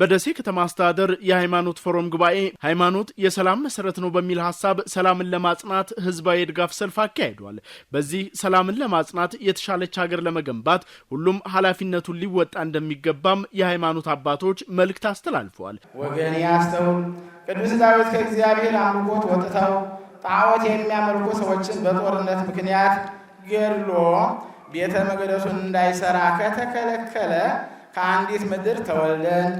በደሴ ከተማ አስተዳደር የሃይማኖት ፎረም ጉባኤ ሃይማኖት የሰላም መሰረት ነው በሚል ሀሳብ ሰላምን ለማጽናት ህዝባዊ የድጋፍ ሰልፍ አካሂዷል። በዚህ ሰላምን ለማጽናት የተሻለች ሀገር ለመገንባት ሁሉም ኃላፊነቱን ሊወጣ እንደሚገባም የሃይማኖት አባቶች መልእክት አስተላልፈዋል። ወገን ያስተው ቅዱስ ዳዊት ከእግዚአብሔር አምልኮት ወጥተው ጣዖት የሚያመልኩ ሰዎችን በጦርነት ምክንያት ገድሎ ቤተ መቅደሱን እንዳይሰራ ከተከለከለ ከአንዲት ምድር ተወልደን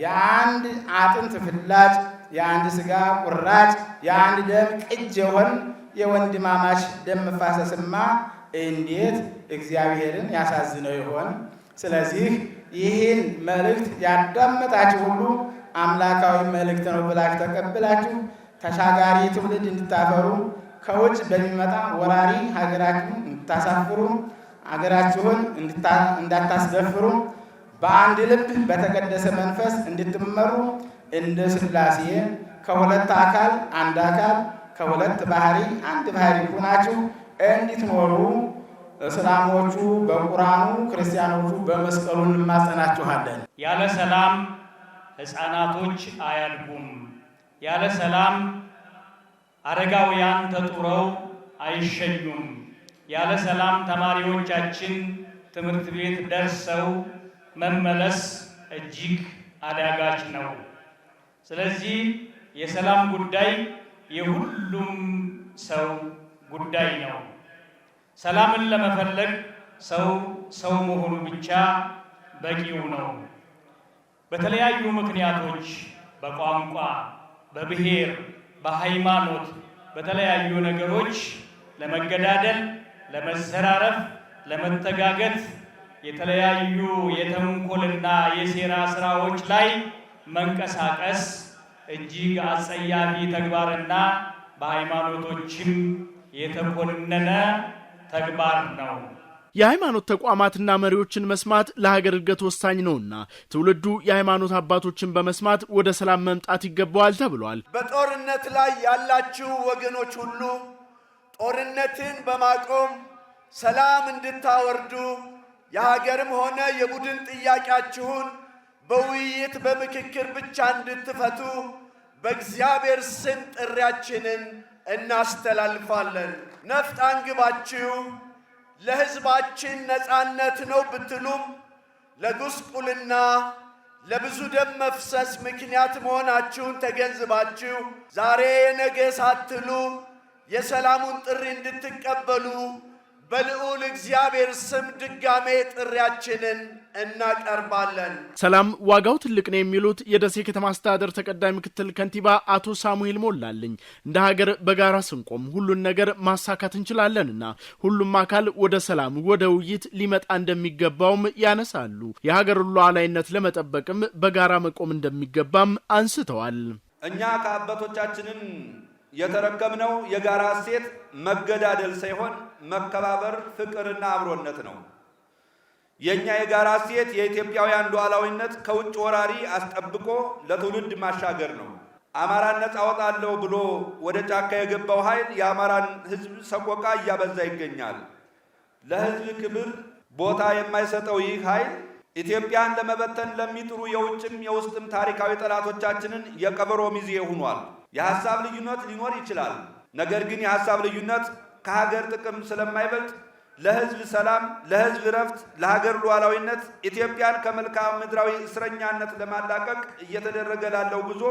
የአንድ አጥንት ፍላጭ፣ የአንድ ስጋ ቁራጭ፣ የአንድ ደም ቅጅ የሆን የወንድማማች ደም መፋሰስማ እንዴት እግዚአብሔርን ያሳዝነው ይሆን? ስለዚህ ይህን መልእክት ያዳመጣችሁ ሁሉ አምላካዊ መልእክት ነው ብላችሁ ተቀብላችሁ ተሻጋሪ ትውልድ እንድታፈሩ ከውጭ በሚመጣ ወራሪ ሀገራችሁ እንድታሳፍሩ ሀገራችሁን እንዳታስደፍሩ በአንድ ልብ በተቀደሰ መንፈስ እንድትመሩ እንደ ስላሴ ከሁለት አካል አንድ አካል ከሁለት ባህሪ አንድ ባህሪ ሁናችሁ እንድትኖሩ እስላሞቹ በቁርአኑ ክርስቲያኖቹ በመስቀሉ እንማጸናችኋለን። ያለ ሰላም ሕፃናቶች አያድጉም። ያለ ሰላም አረጋውያን ተጡረው አይሸኙም። ያለ ሰላም ተማሪዎቻችን ትምህርት ቤት ደርሰው መመለስ እጅግ አዳጋች ነው። ስለዚህ የሰላም ጉዳይ የሁሉም ሰው ጉዳይ ነው። ሰላምን ለመፈለግ ሰው ሰው መሆኑ ብቻ በቂው ነው። በተለያዩ ምክንያቶች በቋንቋ፣ በብሔር፣ በሃይማኖት፣ በተለያዩ ነገሮች ለመገዳደል፣ ለመዘራረፍ፣ ለመተጋገት የተለያዩ የተንኮልና የሴራ ስራዎች ላይ መንቀሳቀስ እጅግ አጸያፊ ተግባርና በሃይማኖቶችም የተኮነነ ተግባር ነው። የሃይማኖት ተቋማትና መሪዎችን መስማት ለሀገር እድገት ወሳኝ ነውና ትውልዱ የሃይማኖት አባቶችን በመስማት ወደ ሰላም መምጣት ይገባዋል ተብሏል። በጦርነት ላይ ያላችሁ ወገኖች ሁሉ ጦርነትን በማቆም ሰላም እንድታወርዱ የሀገርም ሆነ የቡድን ጥያቄያችሁን በውይይት በምክክር ብቻ እንድትፈቱ በእግዚአብሔር ስም ጥሪያችንን እናስተላልፋለን። ነፍጥ አንግባችሁ ለሕዝባችን ነፃነት ነው ብትሉም ለጉስቁልና ለብዙ ደም መፍሰስ ምክንያት መሆናችሁን ተገንዝባችሁ ዛሬ የነገ ሳትሉ የሰላሙን ጥሪ እንድትቀበሉ በልዑል እግዚአብሔር ስም ድጋሜ ጥሪያችንን እናቀርባለን። ሰላም ዋጋው ትልቅ ነው የሚሉት የደሴ ከተማ አስተዳደር ተቀዳሚ ምክትል ከንቲባ አቶ ሳሙኤል ሞላልኝ እንደ ሀገር በጋራ ስንቆም ሁሉን ነገር ማሳካት እንችላለንና ሁሉም አካል ወደ ሰላም፣ ወደ ውይይት ሊመጣ እንደሚገባውም ያነሳሉ። የሀገር ሉዓላዊነት ለመጠበቅም በጋራ መቆም እንደሚገባም አንስተዋል። እኛ ከአባቶቻችንን የተረከምነው የጋራ እሴት መገዳደል ሳይሆን መከባበር፣ ፍቅርና አብሮነት ነው። የእኛ የጋራ እሴት የኢትዮጵያውያን ሉዓላዊነት ከውጭ ወራሪ አስጠብቆ ለትውልድ ማሻገር ነው። አማራን ነፃ አወጣለሁ ብሎ ወደ ጫካ የገባው ኃይል የአማራን ሕዝብ ሰቆቃ እያበዛ ይገኛል። ለሕዝብ ክብር ቦታ የማይሰጠው ይህ ኃይል ኢትዮጵያን ለመበተን ለሚጥሩ የውጭም የውስጥም ታሪካዊ ጠላቶቻችንን የቀበሮ ሚዜ ሆኗል። የሀሳብ ልዩነት ሊኖር ይችላል። ነገር ግን የሀሳብ ልዩነት ከሀገር ጥቅም ስለማይበልጥ ለህዝብ ሰላም፣ ለህዝብ እረፍት፣ ለሀገር ሉዓላዊነት ኢትዮጵያን ከመልክዓ ምድራዊ እስረኛነት ለማላቀቅ እየተደረገ ላለው ጉዞ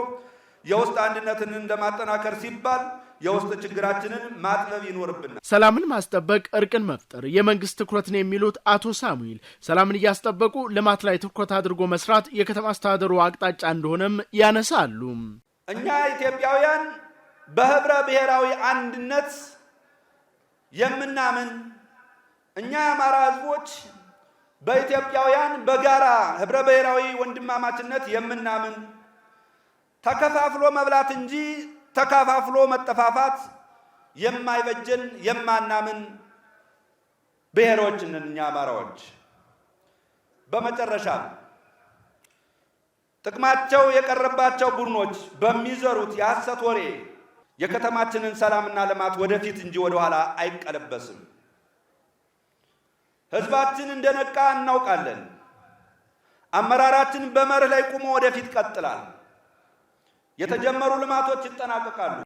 የውስጥ አንድነትን እንደማጠናከር ሲባል የውስጥ ችግራችንን ማጥበብ ይኖርብናል። ሰላምን ማስጠበቅ፣ እርቅን መፍጠር የመንግስት ትኩረት ነው የሚሉት አቶ ሳሙኤል ሰላምን እያስጠበቁ ልማት ላይ ትኩረት አድርጎ መስራት የከተማ አስተዳደሩ አቅጣጫ እንደሆነም ያነሳሉ። እኛ ኢትዮጵያውያን በህብረ ብሔራዊ አንድነት የምናምን እኛ የአማራ ህዝቦች በኢትዮጵያውያን በጋራ ህብረ ብሔራዊ ወንድማማችነት የምናምን ተከፋፍሎ መብላት እንጂ ተከፋፍሎ መጠፋፋት የማይበጀን የማናምን ብሔሮች ነን እኛ አማራዎች። በመጨረሻም ጥቅማቸው የቀረባቸው ቡድኖች በሚዘሩት የሐሰት ወሬ የከተማችንን ሰላምና ልማት ወደፊት እንጂ ወደኋላ አይቀለበስም። ህዝባችን እንደነቃ እናውቃለን። አመራራችን በመርህ ላይ ቆሞ ወደፊት ቀጥላል። የተጀመሩ ልማቶች ይጠናቀቃሉ።